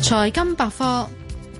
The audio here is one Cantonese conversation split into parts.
財金百貨。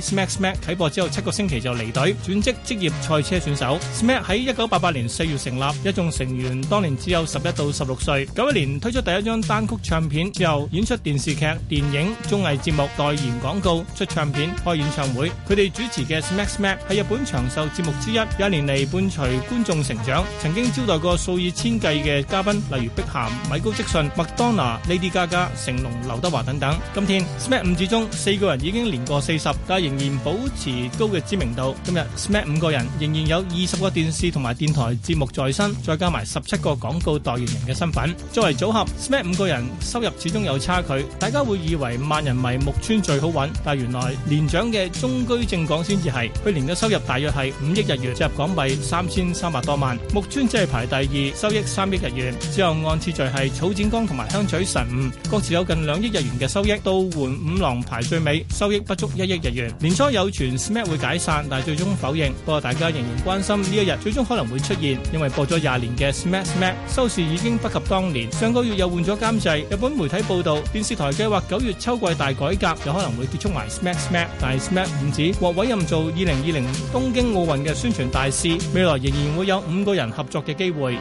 SMAP×SMAP 啟播之後七個星期就離隊，轉職職業賽車選手。SMAP 喺一九八八年四月成立，一眾成員當年只有十一到十六歲。九一年推出第一張單曲唱片之後，演出電視劇、電影、綜藝節目、代言廣告、出唱片、開演唱會。佢哋主持嘅 SMAP×SMAP 係日本長壽節目之一，一年嚟伴隨觀眾成長，曾經招待過數以千計嘅嘉賓，例如碧咸、米高積遜、麥當娜、Lady Gaga、成龍、劉德華等等。今天 SMAP 五子中四個人已經年過四十，加仍然保持高嘅知名度。今日 SMAP 五個人仍然有二十個電視同埋電台節目在身，再加埋十七個廣告代言人嘅身份。作為組合 SMAP 五個人收入始終有差距。大家會以為萬人迷木村最好揾，但原來年長嘅中居正廣先至係，去年嘅收入大約係五億日元，折合港幣三千三百多萬，木村即係排第二，收益三億日元。之後按次序係草彅剛同埋香取慎吾，各自有近兩億日元嘅收益。稻垣吾郎排最尾，收益不足一億日元。年初有傳 SMAP 會解散，但最終否認。不過大家仍然關心呢一日最終可能會出現，因為播咗廿年嘅 SMAP SMAP 收視已經不及當年。上個月又換咗監製，日本媒體報道電視台計劃九月秋季大改革，有可能會結束埋 SMAP SMAP。但係 SMAP 五子，獲委任做二零二零東京奧運嘅宣傳大使，未來仍然會有五個人合作嘅機會。